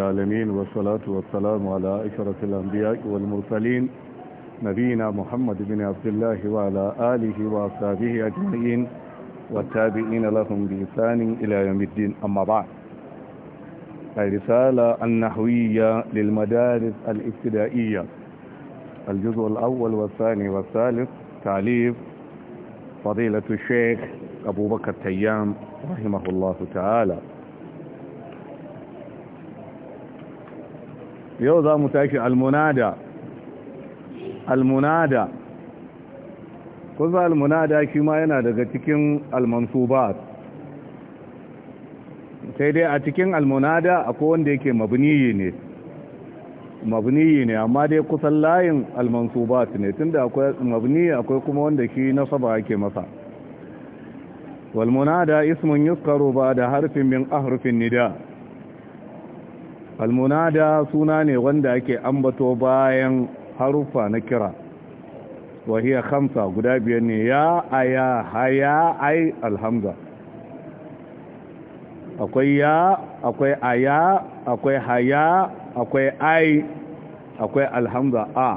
العالمين والصلاة والسلام على إشرة الأنبياء والمرسلين نبينا محمد بن عبد الله وعلى آله وأصحابه أجمعين والتابعين لهم بإحسان إلى يوم الدين أما بعد الرسالة النحوية للمدارس الابتدائية الجزء الأول والثاني والثالث تعليف فضيلة الشيخ أبو بكر تيام رحمه الله تعالى yau za mu tashi almunada almunada kusa almunada shi ma yana daga cikin almansubat sai dai a cikin almunada akwai wanda yake mabniyi ne mabniyi ne amma dai kusan layin almansubat ne tunda akwai mabniyi akwai kuma wanda shi na saba ake masa walmunada ismun yuskaru ba da harfin bin ahrufin nida' almunada suna ne wanda ake ambato bayan harufa na kira wahiya hamsa guda biyar ne ya aya haya ai alhamza akwai ya akwai aya akwai haya akwai ai akwai alhamza a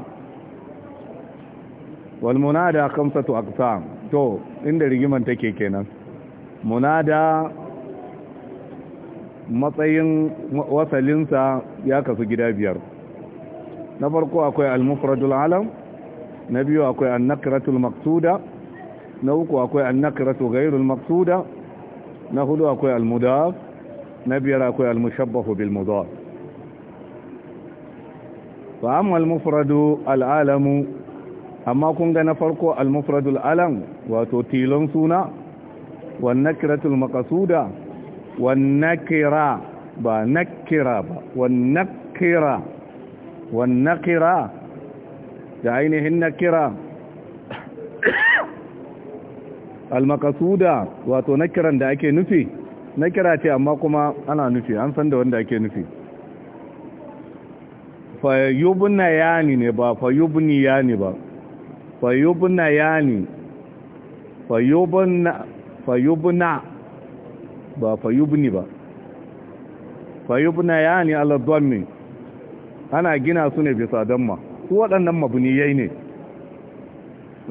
walmunada hamsatu aqsam to inda rigiman take kenan munada matsayin wasalinsa ya kasu gida biyar na farko akwai al-mufradul alam na biyu akwai an-nakratul maqsuda na uku akwai an-nakratu ghayrul maqsuda na hudu akwai al-mudaf na biyar akwai al-mushabbahu bil mudaf fa amma al-mufradu al amma kun ga na farko al-mufradul alam wato tilon suna wan nakratul maqsuda wannakira ba nakira ba wannakira wannakira da ainihin nakira almakasuda wato nakiran da ake nufi nakira ce amma kuma ana nufi an san da wanda ake nufi fayyubna yani ne ba fayyubni yani ba fayyubna yani fayyubna ba fayubni ba fayubna ya ala aladwanni ana gina su ne bisa damma su waɗannan mabniyai ne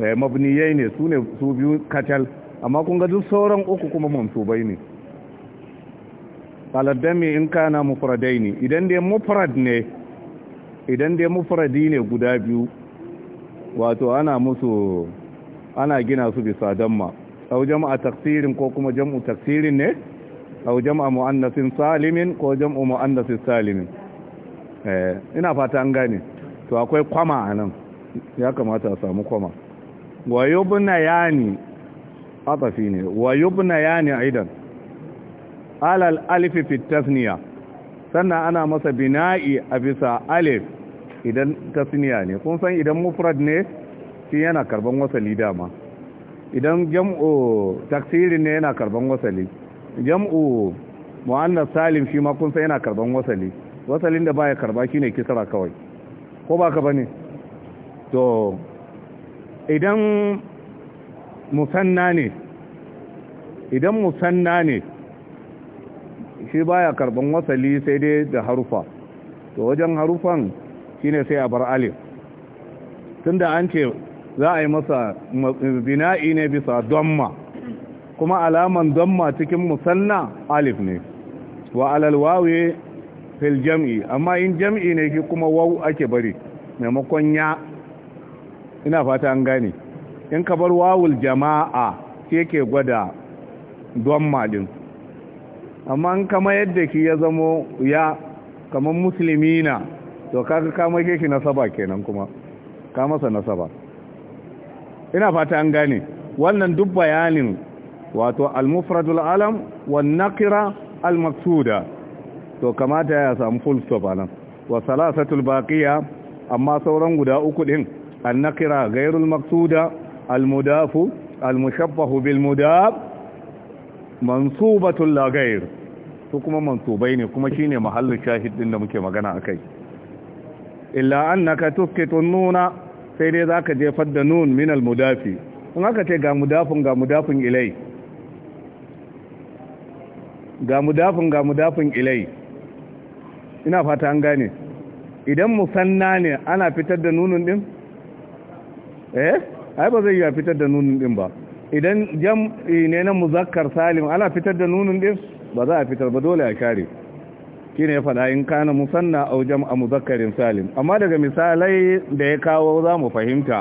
eh, mabniyai ne su ne su biyu katal amma kun ga duk sauran uku kuma mansubai ne aladdami in kana mufradai ne idan dai mufrad ne idan dai mufradi ne guda biyu wato ana musu ana gina su bisa damma sau jama'a taksirin ko kuma jam'u taksirin ne au jam'a mu'annasin salimin ko jam'u mu'annasin salimin eh ina fata an gane to akwai kwama anan ya kamata a samu kwama wa yubna yani atafi ne wa yubna yani aidan alal alif fi tasniya sannan ana masa bina'i a bisa alif idan tasniya ne kun san idan mufrad ne shi yana karban wasali dama idan jam'u taksiri ne yana karban wasali jam'u mu'annas salim shi ma kun sai yana karban wasali wasalin da baya karba shine kisra kawai ko baka bane to idan musanna ne idan musanna ne shi baya karban wasali sai dai da harufa to wajen harufan shine sai a bar alif tunda an ce za a yi masa bina'i ne bisa domma kuma alaman damma cikin musanna alif ne wa alal wawi fil jam'i amma in jam'i ne ki kuma waw ake bari maimakon ya ina fata an gane in ka bar wawul jama'a ke ke gwada damma din amma in kama yadda ki ya zamo ya kamar musulmina to kaga kama ke ki nasaba kenan kuma ka masa nasaba ina fata an gane wannan duk bayanin wato almufradul alam wan nakira al to kamata ya samu full stop anan wa salasatul baqiya amma sauran guda uku din an gairul ghairul maqsuda al-mudafu al bil mudaf mansubatul ghair to kuma mansubai ne kuma shine mahallin shahid din da muke magana akai illa annaka tusqitu nuna sai dai zaka jefar da nun min almudafi mudafi in aka ce ga mudafin ga mudafin ilai ga mudafin ga mudafin ilai ina fata an gane idan musanna ne ana fitar da nunun din eh ai ba zai yi fitar da nunun din ba idan jam'i ne na muzakkar salim ana fitar da nunun din ba za a fitar ba dole a kare shine ya fada in kana musanna aw jam'a muzakkarin salim amma daga misalai da ya kawo za mu fahimta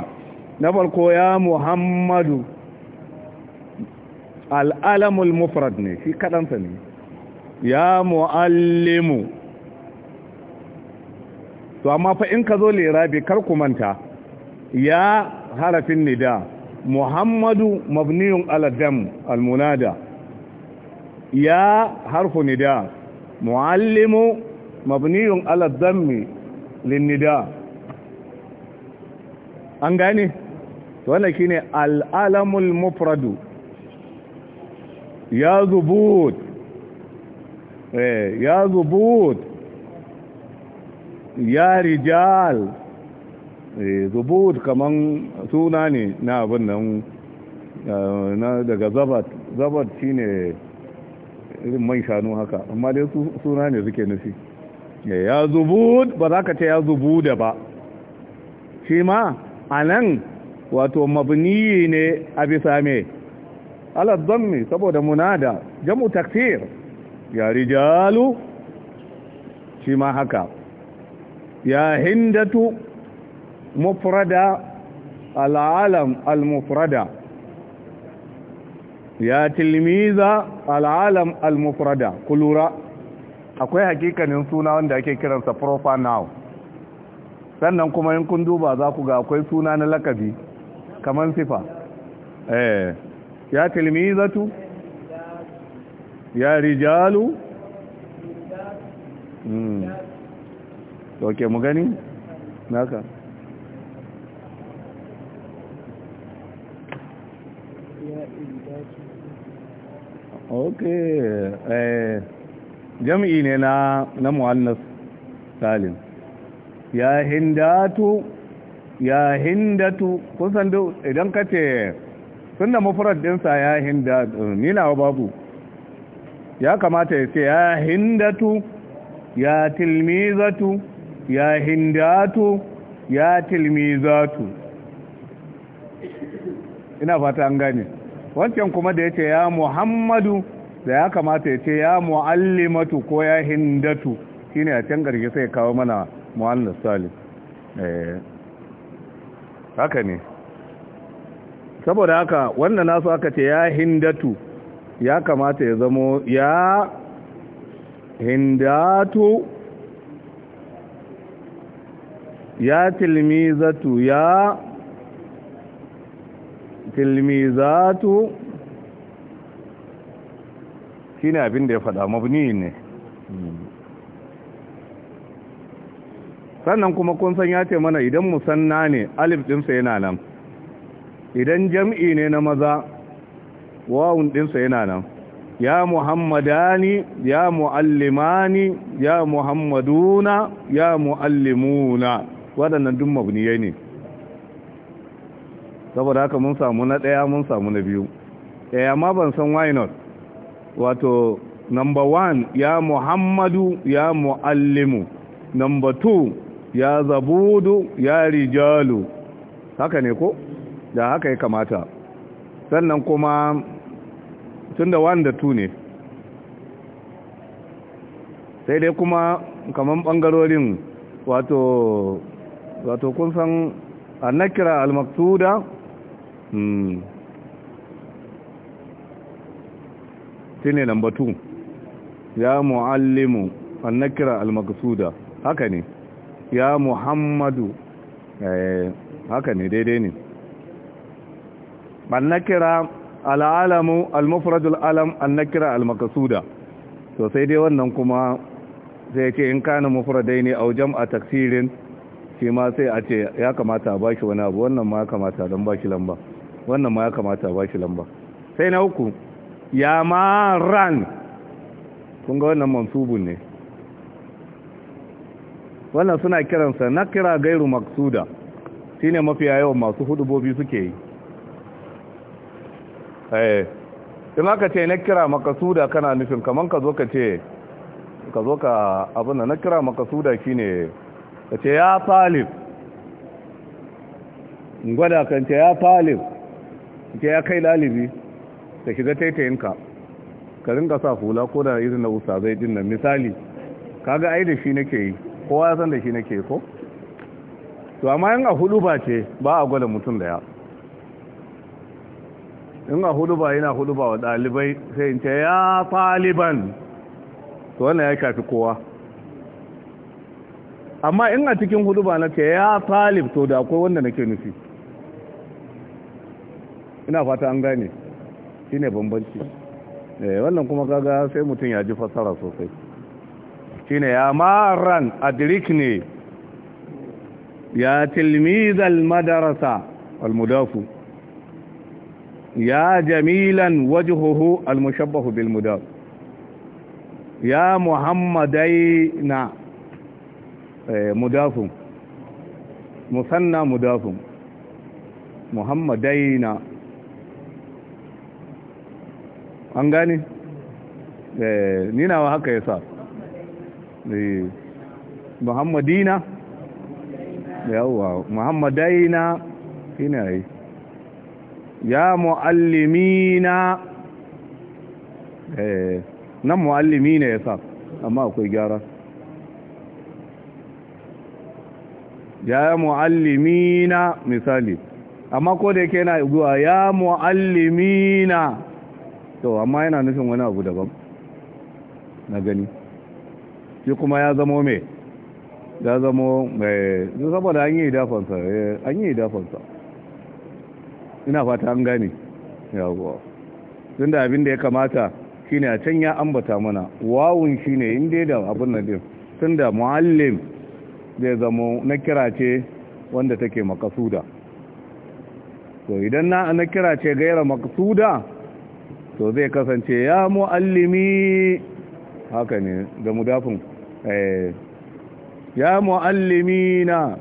na farko ya muhammadu al'alamul mufrad ne shi kaɗansa ne ya mu'allimu to amma fa in ka zo lirabi kar ku manta ya harafin nida muhammadu mabniyun aladam almunada ya harfu nida mu'allimu mabniyun lin nida an gane wannan shine al'alamul mufradu ya zubut Eh, ya zubut ya rijal eh, zubut kaman suna ne na abin nan eh, daga zabat zabat shine irin shanu haka amma dai suna ne suke nufi ya zubud ba za ka ce ya da ba shi ma a nan wato mabniyi ne a bisa me alazzanmi saboda munada jamu taksir ya rijalu shi ma haka ya hindatu mufrada al'alam al-mufrada ya tilmiza al'alam al-mufrada kulura akwai hakikanin suna wanda ake kiransa proper now sannan kuma in kun duba za ku ga akwai suna na lakabi kamar sifa eh ya tilmizatu ya rijalu ok mu gani naka ok eh, jam'i ne na na muhannas salim ya hindatu ya hindatu kusan idan ka ce sun da mafarar dinsa ya hindatu nina babu ya kamata ya ce ya hindatu ya tilmizatu ya hindatu ya tilmizatu ina fata an gane wancan kuma da ya ce ya muhammadu da ya kamata ya ce ya mu'allimatu ko ya hindatu shine a can garge sai kawo mana mu'allim salim eh haka ne saboda haka wannan nasu aka ce ya hindatu ya kamata ya zamo ya hindatu ya tilmizatu ya tilmizatu shi ne abin da ya faɗa mabni ne sannan kuma kun san ya ce mana idan musanna ne alif ɗinsa yana nan idan jam'i ne na maza wawun ɗinsa yana nan ya muhammadani ya muallimani ya muhammaduna ya muallimuna waɗannan duk mabniyai ne saboda haka mun samu na ɗaya mun samu na biyu ɗaya eh, ma ban san why not wato number one ya muhammadu ya muallimu number two ya zabudu ya rijalu haka ne ko da haka ya kamata sannan kuma tun da wani da tune sai dai kuma kamar ɓangarorin wato wato kun san annakira almaktuda hmm. shine number 2 ya muallimu annakira almaksuda haka ne ya muhammadu eh haka ne daidai ne annakira al'alamu al-mufradul alam annakira al-makasuda to sai dai wannan kuma sai ce in kana mufradai ne wajen a taksirin shi ma sai a ce ya kamata a shi wani abu wannan ma ya kamata don shi lamba wannan ma ya kamata ba shi lamba sai na uku ya ma ran kun ga wannan mansubun ne wannan suna kiransa na kira gairu maksuda shine mafiya yawan masu hudubobi suke yi Eh. in aka ce na kira suda kana nufin kaman ka zo ka ce ka zo ka abin da na kira shi ne ka ce ya falif gwada kan ce ya falif ke ya kai lalibi da shiga taitayinka ka rinka sa hula ko da izin na usa zai din nan misali kaga ai da shi nake yi kowa ya san da shi nake ko to amma yin a hulu ba ce ba a gwada mutum da ya in a huluba yana huluba wa ɗalibai sai in ce ya taliban to wannan ya shafi kowa amma in a cikin huluba na ce ya talib to da akwai wanda nake nufi ina fata an gane shi ne bambanci eh, wannan kuma kaga sai mutum ya ji fasara sosai shi ne ya maran adirik ne ya tilmizal madarasa al-mudafu ya jamilan wajhuhu almushabbahu bil mudar ya muhammadaina mudafun musanna mudafun an gane ninawa haka yasa muhammadina yawwa muhammadaina ina yi ya mu'allimina eh nan mu'allimina yasa amma akwai gyara ya mu'allimina misali amma ko da yake yana zuwa ya mu'allimina to amma yana nufin wani abu daban na gani shi kuma ya zamo me ya zamo mai eh, saboda an yi dafansa eh, an yi dafansa ina fata an gane yawo Tunda da abin da ya kamata shine a can ya ambata mana wawun shine inda da abin nan din Tunda da muallim zai zama na kira ce wanda take makasuda to idan na na kira ce gaira makasuda to zai kasance ya muallimi haka ne da mudafin eh ya muallimina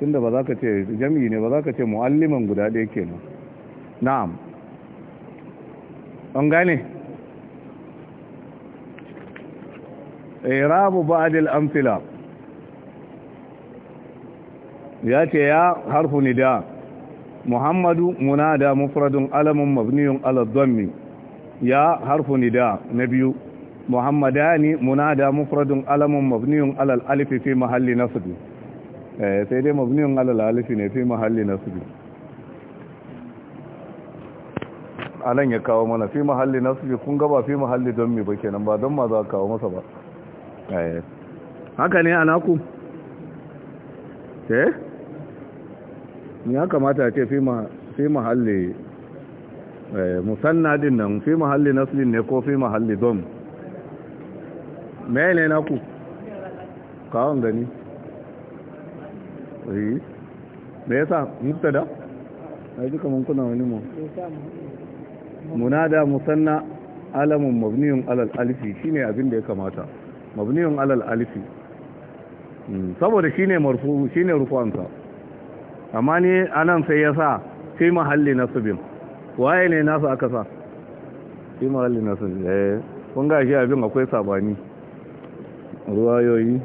tunda ba za ka ce jami'i ne ba za ka ce mu'alliman guda ɗaya kenan na'am an gane irabu ba'dil amthila ya ce ya harfu nida muhammadu munada mufradun alamun mabniyun aladdonmi ya harfu nida na biyu muhammadani munada mufradun alamun mabniyun alal alifi fi mahalli sudu Eh, sai dai mabniyun alal alifi ne fi mahalli nasbi anan ya kawo mana fi mahalli nasbi kun gaba fi mahalli don mi ba kenan ba don ma za ka kawo masa ba eh. haka ne anaku eh ni ya kamata ce fi ma fi mahalli eh, musanna din nan fi mahalli nasbi ne ko fi mahalli don na naku kawon gani Eh? me yasa mubtada ai duka mun kuna wani mu munada musanna alamun mabniyun alal alifi shine abin da ya kamata mabniyun alal alifi hmm, saboda shine marfu shine rufansa amma ne anan sai ya sa fi mahalli nasibin waye ne nasu aka sa fi mahalli nasibin eh kun ga shi abin akwai sabani ruwayoyi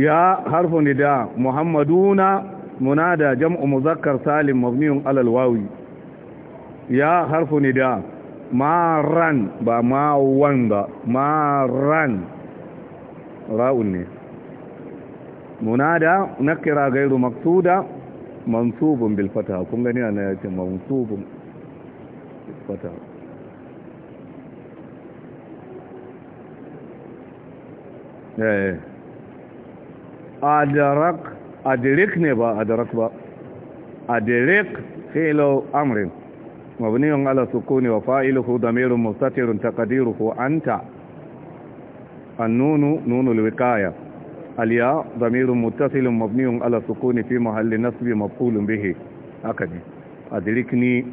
ya harfu ni nida muhammaduna munada jam'u muzakkar salim mabniyun alalwawi? ya harfu ni da maran ba mawan ba maran ra'un ne munada nakira gairu maksuda mansubun bil fataha kun gani ana yace mansubun bil fataha eh adarak adirik ne ba adarak ba adirik filau amrin mabniyun ala sukuni wa fa'iluhu damirun mustatirun taqdiruhu anta annunu nunu alwikaya alya damirun muttasilun mabniyun ala sukuni fi mahalli nasbi maqulun bihi akadi adirikni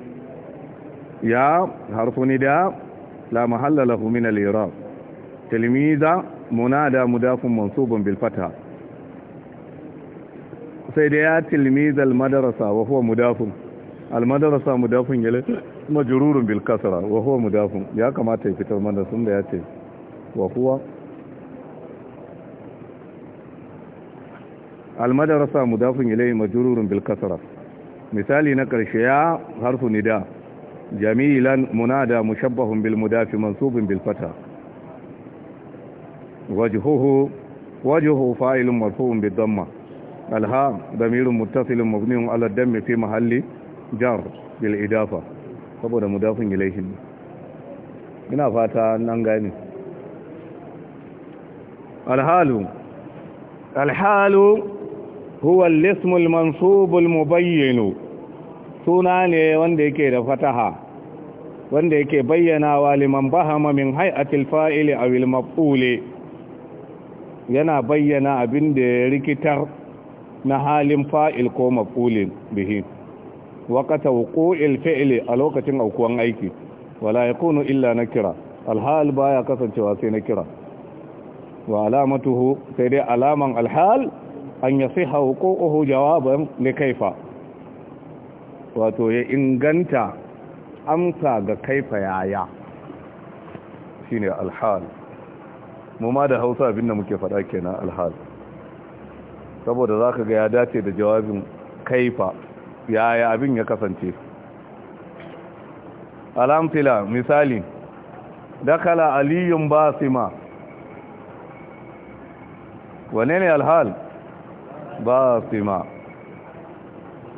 ya da la mahalla lahu sai dai ya tilmiz al-madrasa wa huwa mudafun al-madrasa mudafun yale majrurun bil kasra wa huwa mudafun ya kamata ya fitar mana sun da ya ce wa huwa al-madrasa mudafun ilayhi majrurun bil kasra misali na karshe ya harfu nida jamilan munada mushabbahun bil mudafi mansubun bil fata wajhuhu wajhu fa'ilun marfu'un bid damma alha damirin muttasilin mabniun ala dammi fi mahalli jar bil idafa saboda mudafin ilaihi ina fata nan gani. alhalu alhalu huwa al-ism al-mansub al suna ne wanda yake da fataha wanda yake bayyanawa liman bahama min hay'atil fa'ili aw al-maf'uli yana bayyana abin da ya rikitar na halin fa'il ko mafulin bihi wakata wuqu'il fi'li a lokacin aukuwan aiki wala ya kunu illa na kira alhal baya kasancewa sai kira wa alamatuhu sai dai alaman alhal an yasiha wuqu'uhu jawaban li kaifa wato ya inganta amsa ga kaifa yaya shine alhal mu ma da Hausa abinda muke faɗa kenan alhal saboda za ka ga ya dace da jawabin kaifa yaya abin ya kasance alamfila misali dakala aliyun basima wane ne alhal basima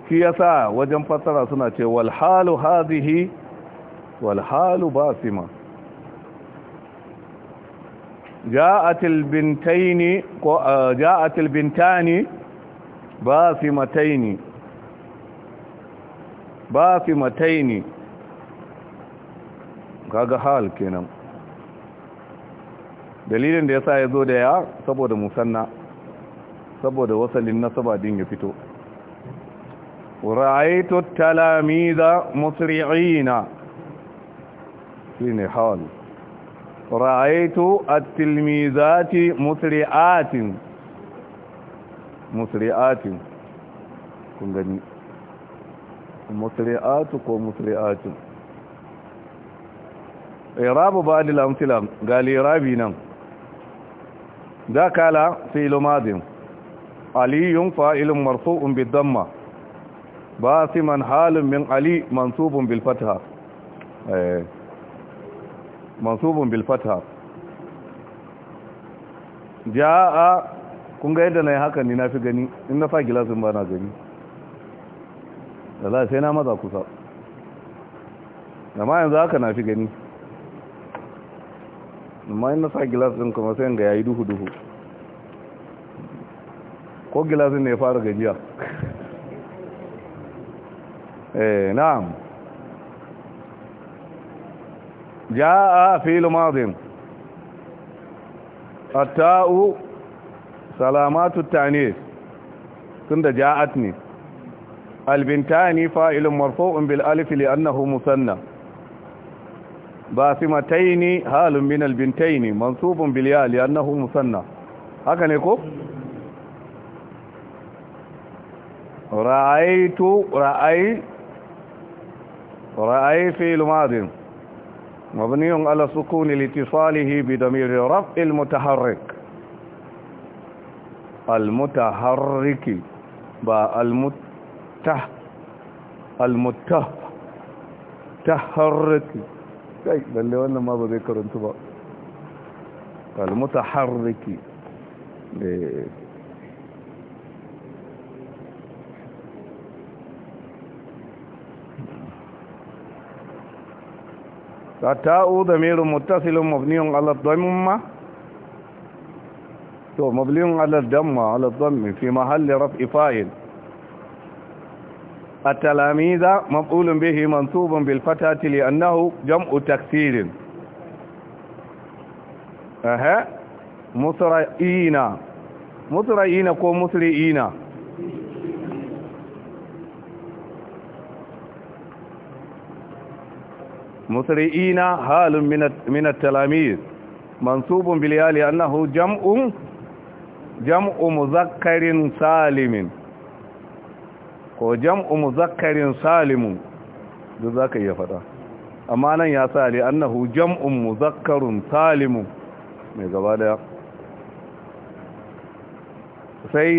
shi yasa wajen fassara suna ce walhalu hazihi walhalu basima جاءت البنتين جاءت البنتان باسمتين باسمتين kaga hal kenan dalilin da yasa yazo da ya saboda musanna saboda wasalin nasaba din ya fito ra'aytu talamiza musri'ina shine hal ra'aitu at-tilmizati musri'atin musri'atin kun gani musri'atu ko musri'atin irabu ba'd al-amthila gali irabi nan dakala fi'l madin aliyun fa'ilun marfu'un bid-damma basiman halun min ali mansubun bil fatha eh mansubun bil fatha jaa kun ga yadda na yi haka ni na fi gani in na sa gilasin ba na gani da za sai na maza kusa amma yanzu haka na fi gani amma in na sa gilasin kuma sai ga yayi duhu-duhu ko gilasin ne ya fara gajiya eh na'am جاء في الماض التاء سلامات التانيث ثم جاءتني البنتان فاعل مرفوع بالالف لانه مثنى باسمتين حال من البنتين منصوب بالياء لانه مثنى هكا نيكو رايت راي راي في الماضي مبني على سكون لاتصاله بضمير رفع المتحرك المتحرك با المته المته تحرك kai balle wannan ma ba zai karantu ba al-mutaharriki التاء ضمير متصل مبني على الضمة مبني على الضمة على الضم في محل رفع فاعل التلاميذ مفعول به منصوب بالفتاة لأنه جمع تكسير أها مسرعين مسرعين كو مسرعين مسرئين حال من من التلاميذ منصوب بالياء لأنه جمع جمع مذكر سالم ko jam'u muzakkarin salimun duk za ka iya faɗa amma nan ya sali annahu jam'un muzakkarun salimun mai gaba daya sai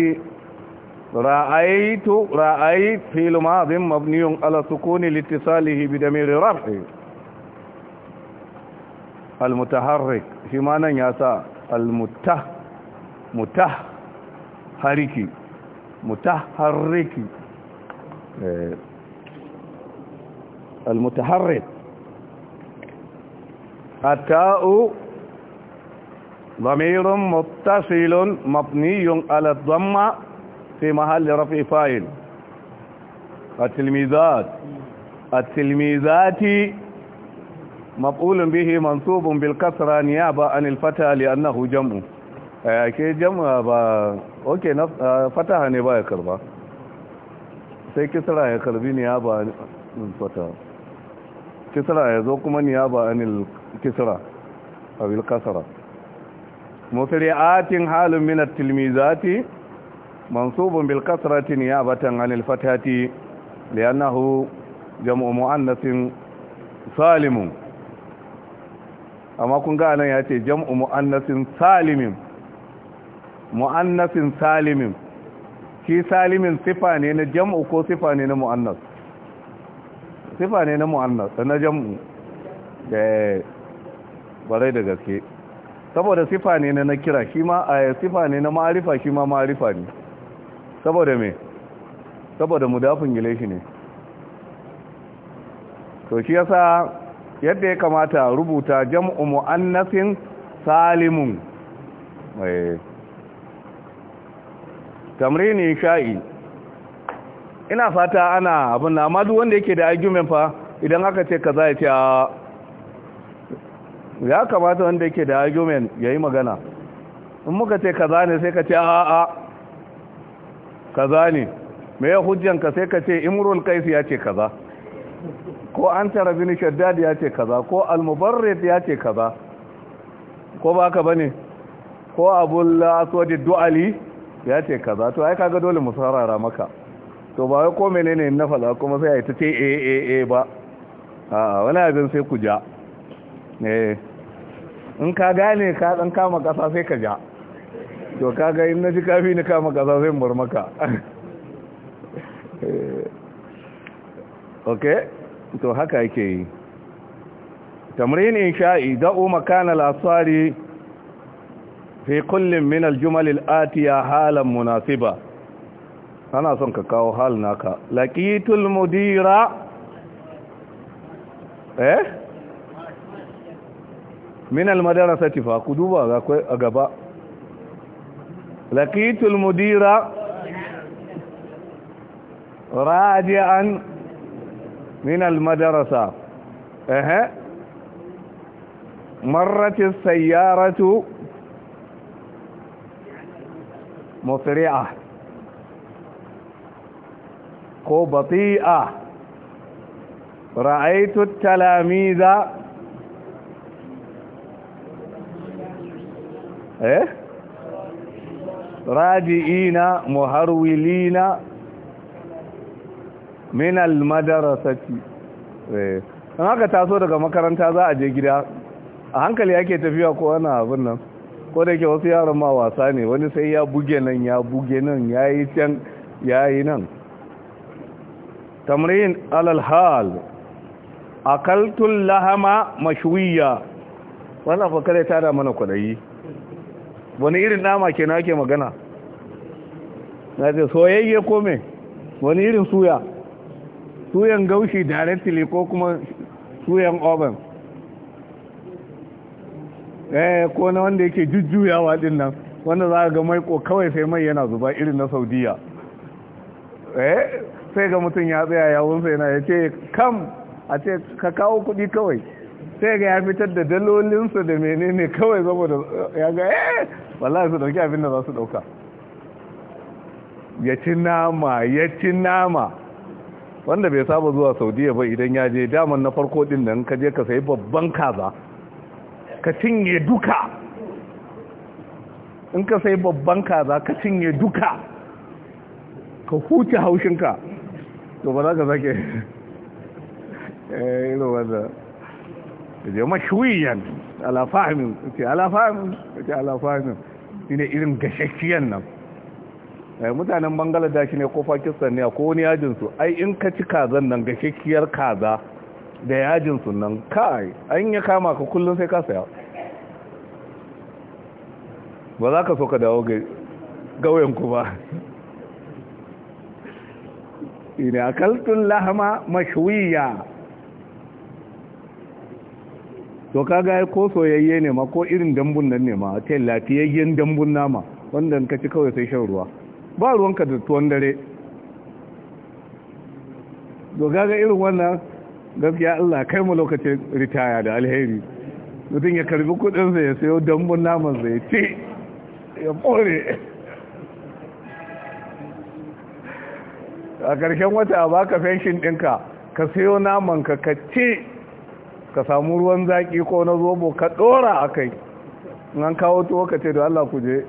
ra'aitu ra'ayi fil mazin mabniyun ala sukuni littisalihi bi damir rafi المتحرك في معنى ياسا المته متح حركي متحرك آه، المتحرك التاء ضمير متصل مبني على الضم في محل رفع فاعل التلميذات التلميذات مفعول به منصوب بالكسرة نيابة عن الفتح لأنه جمع ke jama'a ba oke na fataha ne ba ya karba sai kisra ya karbi niyaba anil fataha kisra ya zo kuma niyaba anil kisra abil kasra musri'atin halun min at-tilmizati mansubun bil kasrati niyabatan fatati jam'u muannasin salimu. amma kun ga nan ya ce jam'u mu'annasin salimin mu'annasin salimin shi salimin sifa ne na jam'u ko sifa ne na mu'annas sifa ne na mu'annas na jam'u da eh, barai da gaske saboda sifa ne na kira shi ma a eh, sifa ne na ma'arifa shi ma ma'arifa ne saboda me saboda mudafin gile shi ne to shi yasa yadda ya kamata rubuta jam'u mu'annasin salimun tamrini sha'i ina fata ana abin na amma wanda yake da argument fa idan aka ce kaza ya ce a ya kamata wanda yake da argument ya yi magana in muka ce kaza ne sai ka ce a a kaza ne mai hujjanka sai ka ce imrul kaisi ya ce kaza ko an tara bin shaddad ya ce kaza ko al-mubarrid ya ce kaza ko ba ka bane ko abul aswad du'ali ya ce kaza to ai kaga dole musarara maka to ba wai ko menene na fala kuma sai ai ta ce eh eh eh, eh ba a wani abin sai ku ja eh in ka gane ka dan kama kasa sai ka ja to kaga in naji kafi ni kama kasa sai murmaka eh, okay to haka yake yi tamrin insha'i da'u makana al-asari fi kullin min al-jumal al-atiya halan munasiba ana son ka kawo hal naka laqitul mudira eh min al-madrasati fa ku duba ga kai a gaba laqitul mudira raji'an من المدرسة اها مرت السيارة مسرعة او بطيئة رأيت التلاميذ ايه راجئين مهرولين min almadarasati eh an haka taso daga makaranta za a je gida a hankali yake tafiya ko ana abin nan ko da yake wasu yaran ma wasa ne wani sai ya buge nan ya buge nan ya yi can yayi nan tamrin alal hal akaltu lahama mashwiya wannan fa kare da mana kwadayi wani irin nama kenan yake magana na ce soyayye ko me wani irin suya suyan gaushi directly ko kuma suyan oven eh ko na wanda yake jujjuyawa din nan wanda za ga mai ko kawai sai mai yana zuba irin na saudiya eh sai ga mutum ya tsaya yawunsa yana ya ce kam a ce ka kawo kuɗi kawai sai ga ya fitar da dalolinsa da menene kawai saboda ya ga eh wallahi su dauki abin da za su dauka ya ci nama ya ci nama wanda bai saba zuwa saudiya ba idan ya je daman na farko din nan ka je ka sayi babban kaza ka cinye duka in ka sayi babban kaza ka cinye duka ka huce haushinka to ba za ka zake eh ilo wanda je mashwiyan alafahimin fahimin ce ala fahimin ce ala irin gashashiyan nan Eh, mutanen bangaladashi ne ko pakistan ne ko wani yajinsu ai in ka ci kazan nan ga kikkiyar kaza da yajinsu nan kai an yi kama ka kullum sai ka saya ba za ka so ka dawo ga gawayenku ba ina akaltun lahama mashwiya to kaga ko soyayye ne ma ko irin dambun nan ne ma ta lafiyayyen dambun nama wanda ka ci kawai sai shan ruwa ba ruwanka da tuwon dare dogaga irin wannan gaskiya Allah kai mu lokacin ritaya da alheri mutum ya karbi kudinsa ya sayo dambun naman zai ce ya ɓore, a ƙarshen wata a baka fenshin ɗinka ka sayo naman ka ka ce ka samu ruwan zaƙi ko na zobo ka ɗora a kai an kawo tuwo ka ce da Allah ku je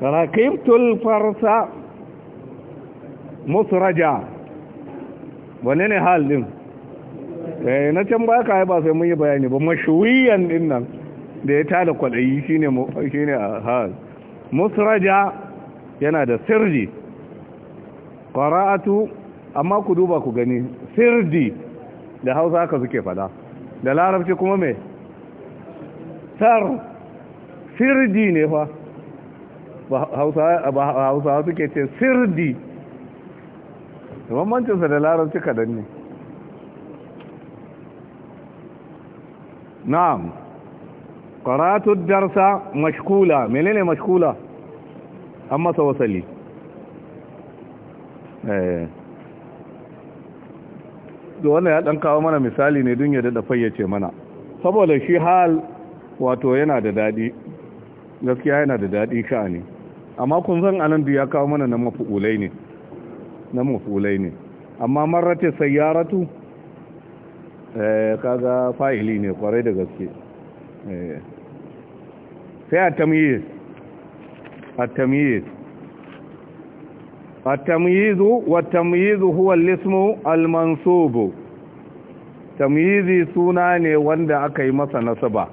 rakibtul farsa musraja wane ne hal ɗin? eh na can ba ka ba sai mun yi bayani ba mashwiyan din nan da ya tada kwadayi shine shine hal musraja yana da sirri qara'atu amma ku duba ku gani sirri da Hausa haka suke fada da larabci kuma me sar sirdi ne fa ba hausawa suke ce sirdi bambancinsa da larabci kadan ne na'am qaratu darsa mashkula menene mashkula amma wasali eh wannan ya dan kawo mana misali ne dun ya dada fayyace mana saboda shi hal wato yana da daɗi gaskiya yana da daɗi ka ne, amma kun zan anan duk ya kawo mana na mafi'ulai ne na mafi'ulai ne amma marrata sayyaratu eh kaga fa'ili ne kwarai da gaske eh sai a tamyiz a tamyiz التمييز والتمييز هو al المنصوب تمييزي suna ne wanda aka yi masa nasaba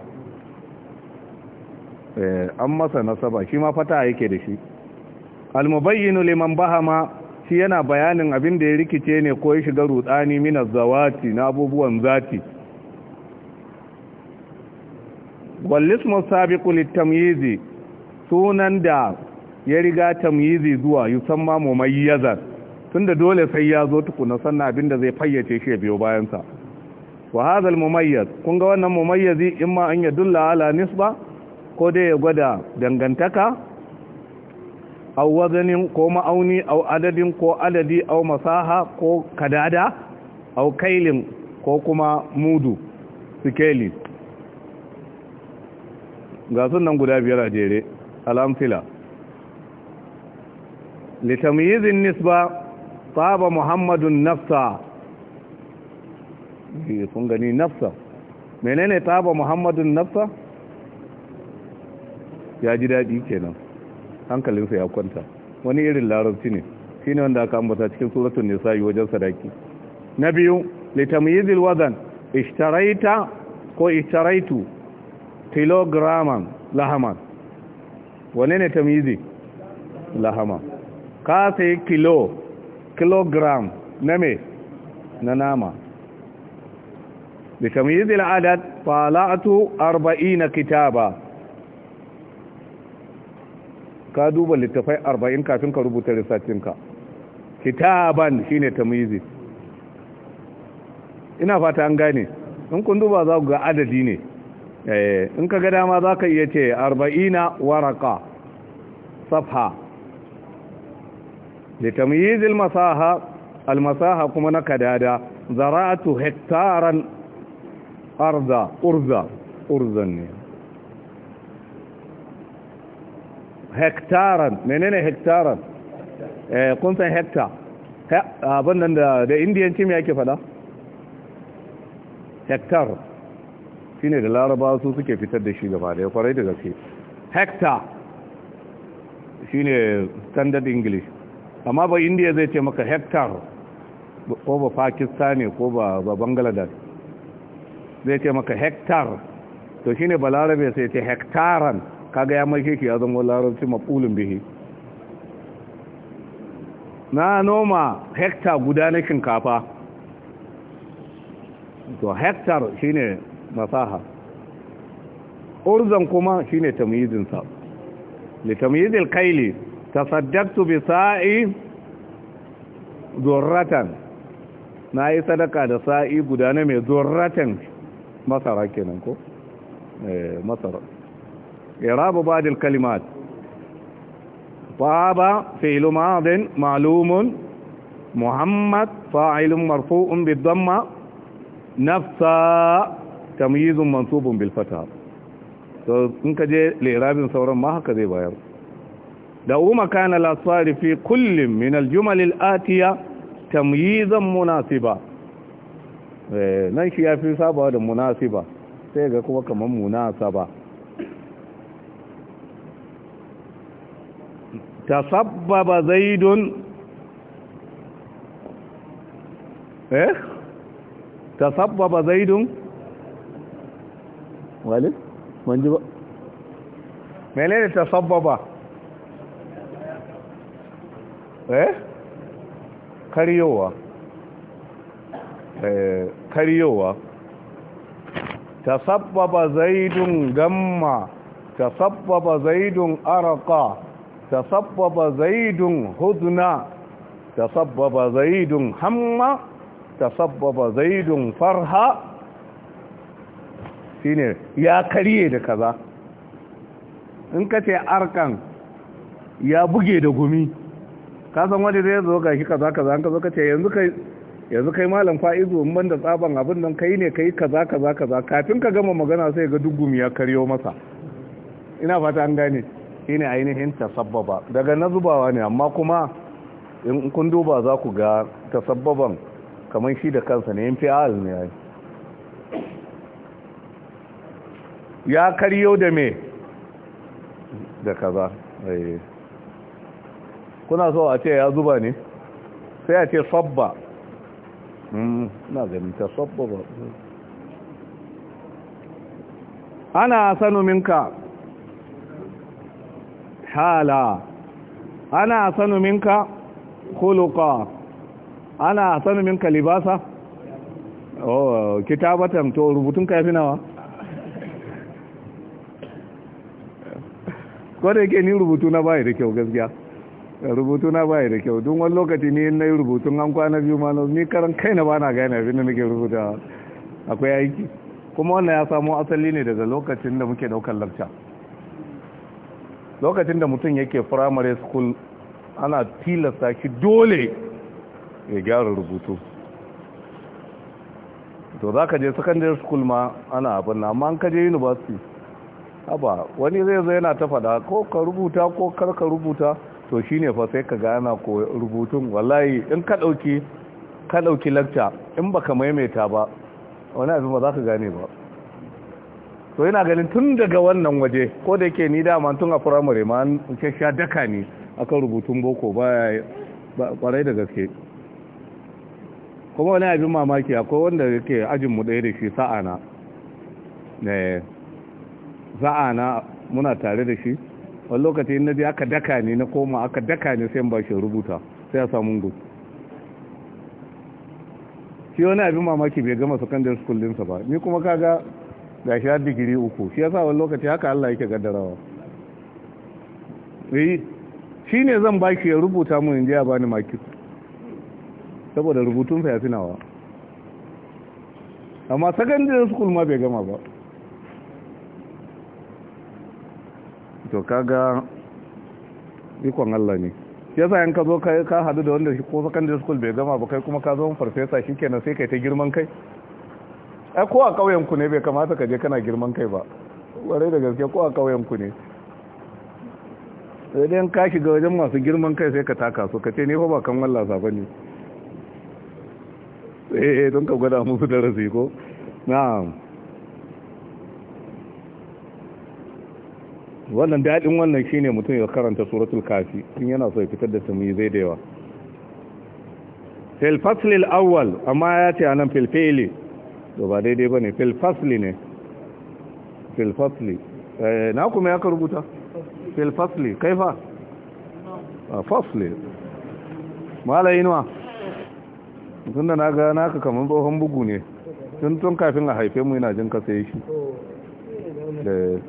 Eh, an masa nasaba shi ma fata yake da shi almubayyinu liman bahama shi yana bayanin abin da ya rikice ne ko ya shiga rutsani mina zawati na abubuwan zati wallismu sabiqu litamyizi sunan da ya riga tamyizi zuwa yusamma mumayyaza tunda dole sai ya zo tukuna sannan abin da zai fayyace shi biyo bayansa sa wa hadha almumayyaz kun ga wannan mumayyizi imma an yadulla ala nisba ko dai ya gwada dangantaka au wazanin ko ma'auni au adadin ko adadi au masaha ko kadada au kailin ko kuma mudu sikeli ga sunan guda biyar a jere alamfila litamyizin nisba tsaba muhammadun nafsa sun gani nafsa menene tsaba muhammadun nafsa ya ji daɗi kenan hankalinsa ya kwanta wani irin larabci ne shi ne wanda aka ambata cikin suratun yi wajen sadaki na biyu litamizil wazan ishtaraita ko ishtaraitu kilograman lahaman wane ne tamizi lahama ka sai kilo kilogram na me na nama litamizil adad fala'atu arba'ina kitaba ka duba littafai arba'in kafin ka rubuta risacinka kitaban shine tamyizi ina fata an gane in kun duba za ku ga adadi ne eh, in ka ga dama za ka iya ce arba'ina waraka safha da tamyizil masaha almasaha kuma na kadada zara'atu hektaran arza urzan ne hektaran menene hektaran eh, kun san hekta abin nan da da indiyanci me yake fada hektar shine da laraba su suke fitar da shi gaba da ya kwarai da gaske hekta shine standard english amma ba indiya zai ce maka hektar ko ba pakistani ko ba bangladesh zai ce maka hektar to shine balarabe sai ce hektaran kaga ya mai keke ya zama larabci mafulin bihi na noma hekta guda na shinkafa to hektar shine masaha urzan kuma shine tamyizinsa li tamyizil kaili tasaddaqtu bi sa'i zurratan na yi sadaka da sa'i guda na mai zurratan masara kenan ko eh masara إراب بعض الكلمات طاب فعل ماض معلوم محمد فاعل مرفوع بالضمة نفسا تمييز منصوب بالفتح to in ka je lirabin sauran ma haka zai bayar da umma kana lasari fi kullum min aljumal alatiya tamyizan munasiba eh nan shi yafi sabawa da munasiba sai ga kuma kaman munasaba tasabbaba zaidun eh tasabbaba zaidun wale manji ba menene tasabbaba eh karyowa eh tasabbaba zaidun hudna tasabbaba zaidun hamma tasabbaba zaidun farha shine ya karye da kaza in ka ce arkan ya buge da gumi ka san wani zai zo ga shi kaza kaza an ka zo ka ce yanzu kai yanzu kai malam fa'izu in banda tsaban abin nan kai ne kai kaza kaza kaza kafin ka gama magana sai ga duk gumi ya karyo masa ina fata an gane shine ainihin tasabbaba daga na zubawa ne amma kuma in kun duba za ku ga tasabbaban kamar shi da kansa ne yin fi'al ne ya ya karyo da me da kaza eh. kuna so a ce ya zuba ne sai a ce sabba hmm, na ganin ta sabba ba ana sanu minka hala ana sanu minka khuluqa ana sanu minka libasa oh kitabatan to rubutun ka yafi nawa ko da yake ni rubutu na bai da kyau gaskiya rubutu na bai da kyau don wani lokaci ni na yi rubutun an kwana biyu ma ni karan kai na bana gane abin da nake rubuta akwai aiki kuma wannan ya samo asali ne daga lokacin da muke daukar lakca lokacin da mutum yake primary school ana tilasta shi dole ya gyara rubutu to za ka je secondary school ma ana abin na amma ka je university haba wani zai zai yana ta fada ko ka rubuta ko karka rubuta to shine fa sai ka gana ko rubutun wallahi in ka dauki ka dauki lecture in ka maimaita ba wani abin ba za ka gane ba to yana ganin tun daga wannan waje ko da yake ni dama tun a firamare ma an sha daka ne akan rubutun boko ba kwarai da gaske kuma wani abin mamaki akwai wanda yake ajin mu ɗaya da shi sa'ana ne eh, sa'ana muna tare da shi wani lokaci na naji aka daka ne na koma aka daka ne sai ba shi rubuta sai ya samun gudu shi wani abin mamaki bai gama secondary school dinsa ba ni kuma kaga ga shi har digiri uku shi ya sa wani lokaci haka Allah yake gaddarawa eh shi ne zan ba shi ya rubuta mun inji ya bani maki saboda rubutun sa ya finawa amma secondary school ma bai gama ba to kaga ikon Allah ne Ya sa yanka zo ka hadu da wanda shi ko secondary school bai gama ba kai kuma ka zo farfesa shi kenan sai kai ta girman kai ai ko a kauyen ku ne bai kamata ka je kana girman kai ba ware da gaske ko a kauyen ku ne sai dai ka shiga wajen masu girman kai sai ka taka su ka ce ne ba kan wallah safa ne eh don ka gwada musu darasi ko na'am wannan daɗin wannan shine mutum ya karanta suratul kafi in yana so ya fitar da tamyi zai da yawa fil fasl al awwal amma ya ce anan fil fili to ba daidai ba ne filfasli ne filfasli eh, na kuma ya ka rubuta filfasli kai fa fasli yi nuwa tun da na ga ka kamar tsohon bugu ne tun tun kafin a haife mu ina jin kasa yi shi eh.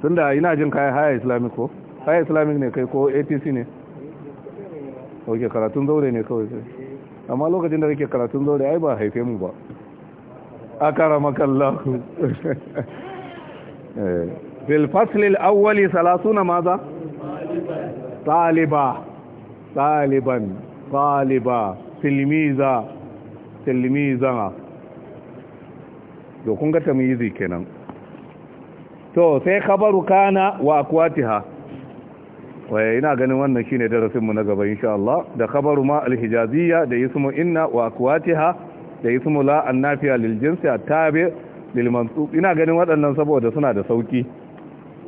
tun da ina jin kayan haya islamic ko haya islamic ne kai ko atc ne ok karatun zaure ne kawai sai amma lokacin da kake karatun zaure ai ba haife mu ba a kara makallahu eh. fil faslil awwali salasuna maza taliba taliban taliba tilmiza tilmiza to kun ga tamyizi kenan to sai khabaru kana wa akwatiha waye eh, ina ganin wannan shine darasin mu na gaba insha Allah da khabaru ma al-hijaziyya da ismu inna wa akwatiha da ismu la annafiya lil jinsi at-tabi lil mansub ina ganin waɗannan saboda suna da sauki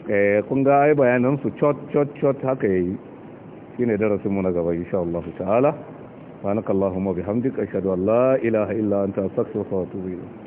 eh kun ga ai bayanan su chot chot chot haka yayi shine darasin mu na gaba insha Allah ta'ala subhanakallahumma bihamdika ashhadu an la ilaha illa anta astaghfiruka wa atubu ilayk